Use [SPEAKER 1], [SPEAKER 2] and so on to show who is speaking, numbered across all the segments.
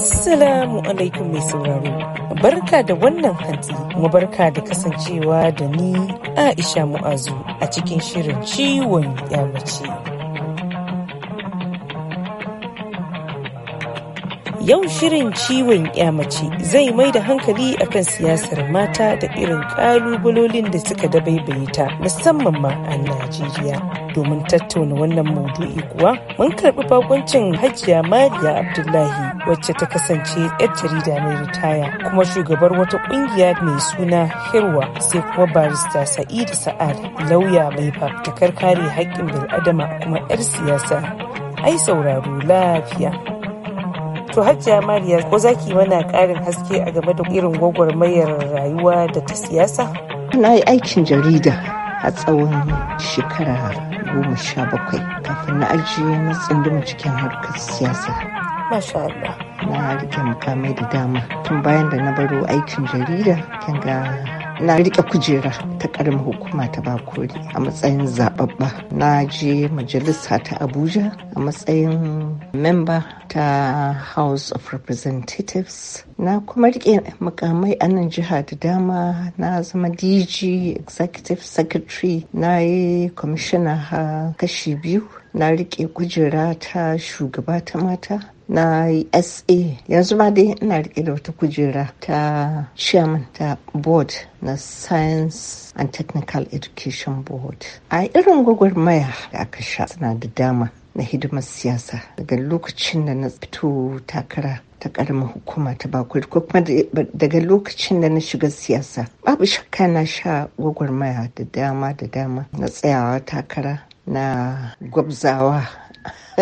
[SPEAKER 1] Assalamu alaikum mai sauraro. Barka da wannan hantsi, kuma barka da kasancewa da ni Aisha Mu'azu a cikin shirin ciwon mace. Yau shirin ciwon mace zai mai da hankali akan siyasar mata da irin ƙalubalolin da suka dabaibaye ta musamman ma a Najeriya. domin tattauna wannan maudu'i kuwa mun karɓi bakuncin hajiya mariya abdullahi wacce ta kasance yar jarida mai ritaya kuma shugabar wata kungiya mai suna hirwa sai kuma barista sa'idu sa'ad lauya mai fafutukar kare haƙƙin bil'adama kuma yar siyasa ai sauraro lafiya To Hajiya Mariya ko zaki mana ƙarin haske a game da irin gwagwarmayar rayuwa da ta siyasa?
[SPEAKER 2] Na yi aikin jarida a tsawon shekara goma sha bakwai kafin na ajiye na tsunduma cikin harkar siyasa na rike mukamai da dama tun bayan da na baro aikin jarida kin ga na rike kujera ta karamin hukuma ta bakori a matsayin zababba na je majalisa ta abuja a matsayin memba ta house of representatives na kuma rike mukamai a nan jiha da dama na zama dg executive secretary na yi kwamishina kashi biyu na rike kujera ta shugaba ta mata na sa yanzu ma dai ina rike da wata kujera ta chairman ta board na science and technical education board a irin gwagwarmaya da aka sha suna da dama na hidimar siyasa daga lokacin da na fito takara ta karamin hukuma ta bakwai ko kuma daga lokacin da na shiga siyasa babu shakka na sha gwagwarmaya da dama da dama na tsayawa takara na gwabzawa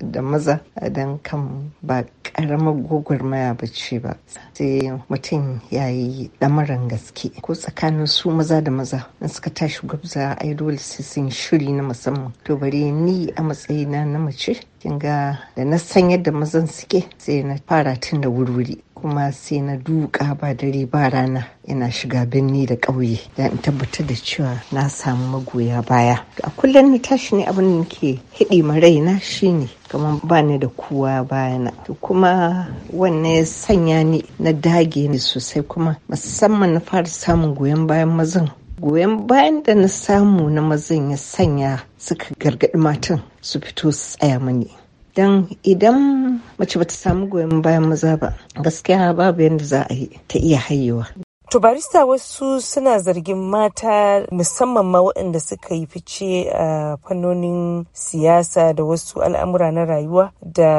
[SPEAKER 2] da maza don kan ba karamar gwagwarmaya ba ce ba sai mutum ya yi ɗamarin gaske ko tsakanin su maza da maza in suka tashi gwabza ai dole sai sun shiri na musamman to bare ni a matsayina na mace kinga da na san yadda mazan suke sai na fara tun da wurwuri kuma sai na duka ba dare ba rana ina shiga birni da ƙauye da in tabbatar da cewa na samu magoya baya a kullum na tashi ne abin da nake hidi ma raina shine kamar ba ni da kowa bayana kuma wannan ya sanya ni na dage ni sosai kuma musamman na fara samun goyon bayan mazan goyon bayan da na samu na mazan ya sanya suka gargaɗi matan su fito su tsaya mani don idan mace bata samu goyon bayan maza ba gaskiya babu yadda za a yi ta iya haihuwa
[SPEAKER 1] To barista wasu suna zargin mata musamman ma waɗanda suka yi fice a fannonin siyasa da wasu al'amura na rayuwa da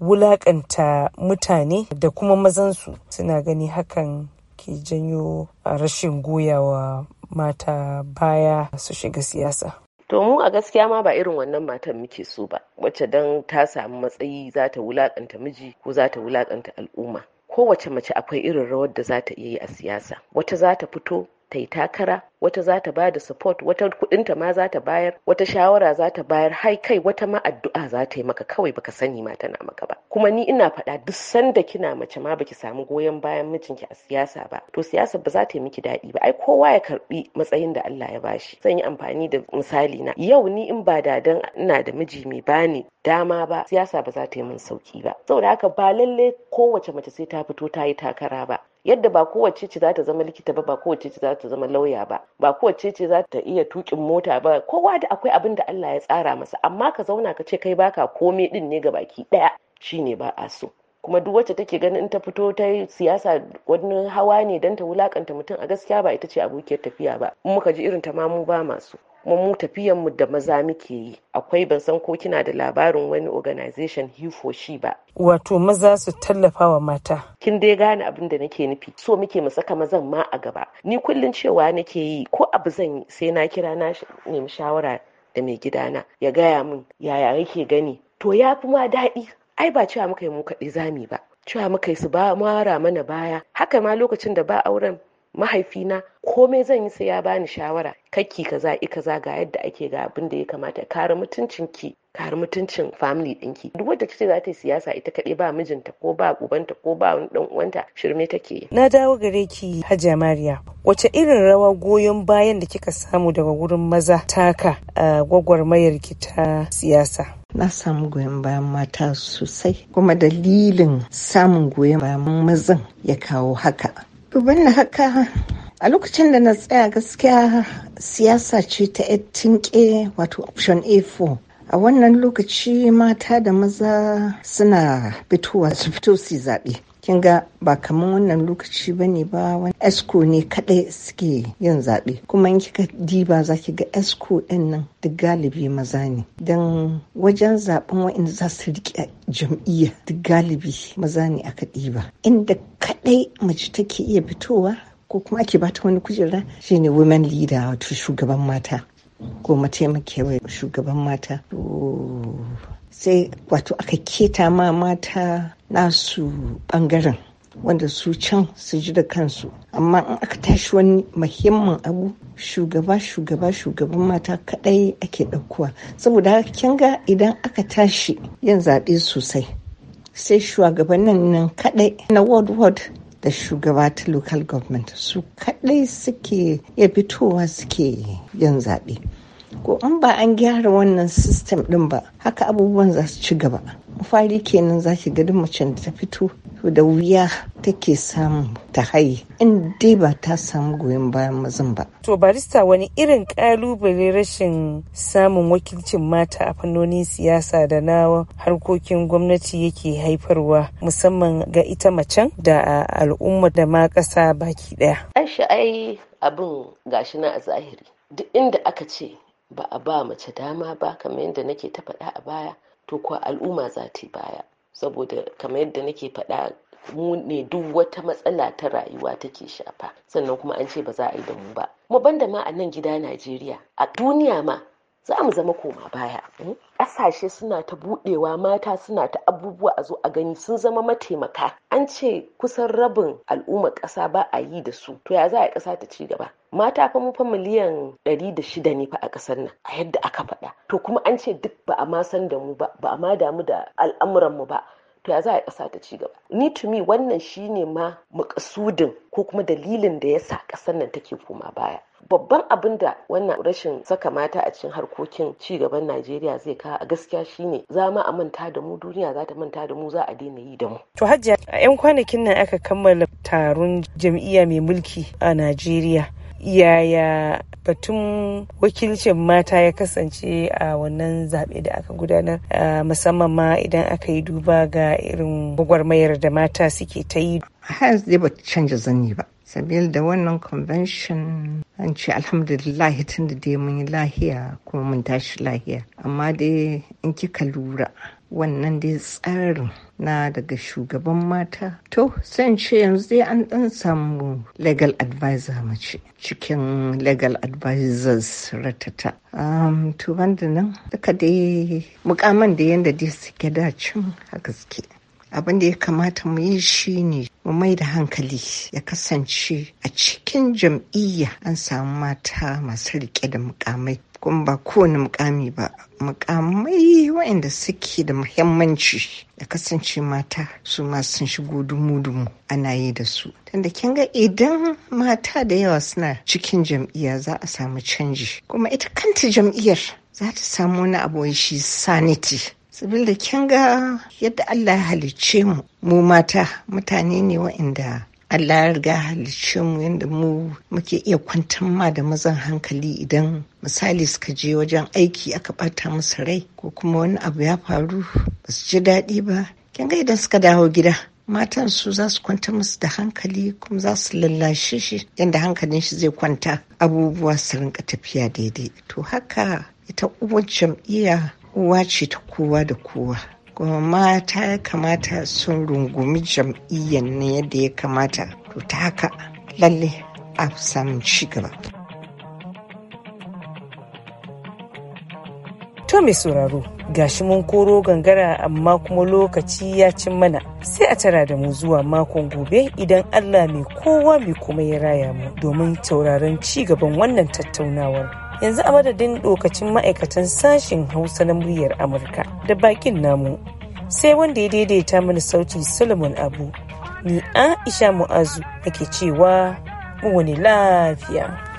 [SPEAKER 1] wulaƙanta mutane da kuma mazansu suna gani hakan ke janyo rashin goyawa mata baya su shiga siyasa.
[SPEAKER 3] to mu a gaskiya ma ba irin wannan matan muke so ba wacce dan ta samu matsayi za ta wulakanta miji ko za ta wulakanta al'umma kowace mace akwai irin rawar da za ta iya yi a siyasa wata za ta fito ta yi takara wata za ta ba da support wata kudinta ma za ta bayar wata shawara za ta bayar hai kai wata ma addu'a za ta yi maka kawai baka sani ma tana maka ba kuma ni ina faɗa duk sanda kina mace ma baki samu goyon bayan mijinki a siyasa ba to siyasa ba za ta yi miki daɗi ba ai kowa ya karbi matsayin da Allah ya bashi zan yi amfani da misali na yau ni in ba da dan ina da miji mai bani dama ba siyasa ba za ta yi min sauki ba saboda haka ba lalle kowace mace sai ta fito ta yi takara ba yadda ba kowace ce za ta zama likita ba ba kowace ce za ta zama lauya ba ba kowace ce za ta iya tukin mota ba kowa da akwai abin da Allah ya tsara masa amma ka zauna ka ce kai baka komai din ne ga baki daya shine ba a so kuma duk wacce take ganin ta fito ta siyasa wani hawa ne don ta wulakanta mutum a gaskiya ba ita ce abokiyar tafiya ba in muka ji irin ta mamu mu ba masu kuma mu tafiyan mu da maza muke yi akwai ban san ko kina da labarin wani organization he for she ba
[SPEAKER 1] wato maza su tallafa wa mata
[SPEAKER 3] kin dai gane abin da nake nufi so muke mu saka mazan ma a gaba ni kullun cewa nake yi ko abu zan yi sai na kira na nemi shawara da mai gidana ya gaya min yaya yake gani to ya fi ma daɗi ai ba cewa muka yi mu kaɗai zami ba cewa muka yi su ba mara mana baya haka ma lokacin da ba auren mahaifina komai zan yi sai ya bani shawara kaki kaza i kaza ga yadda ake ga abin da ya kamata kare mutuncin ki kare mutuncin family ɗinki duk wanda kace za ta yi siyasa ita kaɗai ba mijinta ko ba ubanta ko ba wani dan uwanta shirme take
[SPEAKER 1] na dawo gare ki hajja Mariya wace irin rawa goyon bayan da kika samu daga wurin maza taka a gwagwarmayar ki ta siyasa na
[SPEAKER 2] samu goyon bayan mata sosai kuma dalilin samun goyon bayan mazan ya kawo haka na haka a lokacin da na tsaya gaskiya siyasa ce ta tinke wato option A4. A wannan lokaci mata da maza suna fitowa su fito su zaɓe. kin ga ba kamar wannan lokaci ba ne ba wani esco ne kadai suke yin zaɓe kuma in kika diba za ki ga esko ɗin nan duk galibi maza ne don wajen zaɓen wa'in za su riƙe jam'iyya duk galibi maza ne aka ɗiba inda kadai mace take iya fitowa ko kuma ake bata wani kujera shine women leader wato shugaban mata ko mataimakewa shugaban mata sai wato aka keta ma mata nasu bangaren wanda su can su ji da kansu amma in aka tashi wani muhimmin abu shugaba shugaba shugaban mata kadai ake ɗaukuwa saboda haka ga idan aka tashi yin zaɓe sosai sai shugabannin nan kadai na world world da shugaba ta local government su kadai suke ya fitowa suke yin zaɓe ko in ba an gyara wannan system din ba haka abubuwan za su ci gaba fari kenan za ki ga macen da ta fito da wuya take samu ta haye in dai ba ta samu goyon bayan mazan ba.
[SPEAKER 1] To barista wani irin kalubale rashin samun wakilcin mata a fannonin siyasa da na harkokin gwamnati yake haifarwa musamman ga ita macen da al'umma da ma ƙasa baki ɗaya.
[SPEAKER 3] Aisha ai abin gashi na a zahiri duk inda aka ce ba a ba mace dama ba kamar yadda nake ta faɗa a baya to kuwa al'umma za ta baya saboda kamar yadda nake faɗa mu ne duk wata matsala ta rayuwa take shafa sannan kuma an ce ba za a yi da mu ba kuma banda ma a nan gida najeriya a duniya ma za mu zama koma baya eh? ƙasashe suna ta buɗewa mata suna ta abubuwa a zo a gani sun zama mataimaka an ce kusan rabin al'ummar ƙasa ba a yi da su to ya za a ƙasa ta ci gaba mata fa fa miliyan 106 ne fa a ƙasar nan a yadda aka faɗa to kuma an ce duk ba a ma san da mu ba ba a ma damu da al'amuran mu ba to ya za a ƙasa ta ci gaba ni to me wannan shine ma makasudin ko kuma dalilin da ya sa ƙasar nan take koma baya babban abin da wannan rashin saka mata a cikin harkokin ci gaban Najeriya zai kawo a gaskiya shine za ma a manta da mu duniya za ta manta da mu za a daina yi da mu.
[SPEAKER 1] To Hajiya a 'yan kwanakin nan aka kammala taron jam'iyya mai mulki a Najeriya. Yaya batun wakilcin mata ya kasance a wannan zaɓe da aka gudanar musamman ma idan aka yi duba ga irin gwagwarmayar da mata suke ta yi.
[SPEAKER 2] Har dai ba canja zani ba. sabil da wannan convention an ce alhamdulillah tun da dai mun yi lahiya kuma mun tashi lahiya amma dai in kika lura wannan dai tsarin na daga shugaban mata to san ce yanzu dai an dan samu legal advisor mace cikin legal advisors ratata um, to banda nan duka dai mukaman da yadda dai suke dacin a gaske? abin da ya kamata mu yi shi ne mu mai da hankali ya kasance a cikin jam'iyya an samu mata masu rike da mukamai kuma ba kowane mukami ba mukamai waɗanda suke da muhimmanci da kasance mata su masu sun shigo dumu-dumu ana yi da su tunda kin ga idan mata da yawa suna cikin jam'iyya za a samu canji kuma ita kanta jam'iyyar za ta samu wani abu shi sanity saboda kin ga yadda Allah ya halicce mu mu mata mutane ne waɗanda Allah ya riga halicci mu yadda mu muke iya kwantar ma da mazan hankali idan misali suka je wajen aiki aka ɓata musu rai ko kuma wani abu ya faru ba su ji daɗi ba kin ga idan suka dawo gida matan su za su kwanta musu da hankali kuma za su lallashe shi yadda hankalin shi zai kwanta abubuwa su rinka tafiya daidai to haka ita uwar jam'iyya uwa ce ta kowa da kowa kuma mata ya kamata sun rungumi jam'iyyar na yadda ya kamata to ta haka lalle a samun gaba.
[SPEAKER 1] To mai sauraro gashi mun koro gangara amma kuma lokaci ya cin mana sai a tara da mu zuwa makon gobe idan Allah mai kowa mai kuma ya raya mu domin tauraron ci gaban wannan tattaunawar. yanzu a madadin dokacin ma'aikatan sashen hausa na muryar amurka da bakin namu sai wanda ya daidaita mana sauti solomon abu ni aisha mu'azu ake cewa mu wani lafiya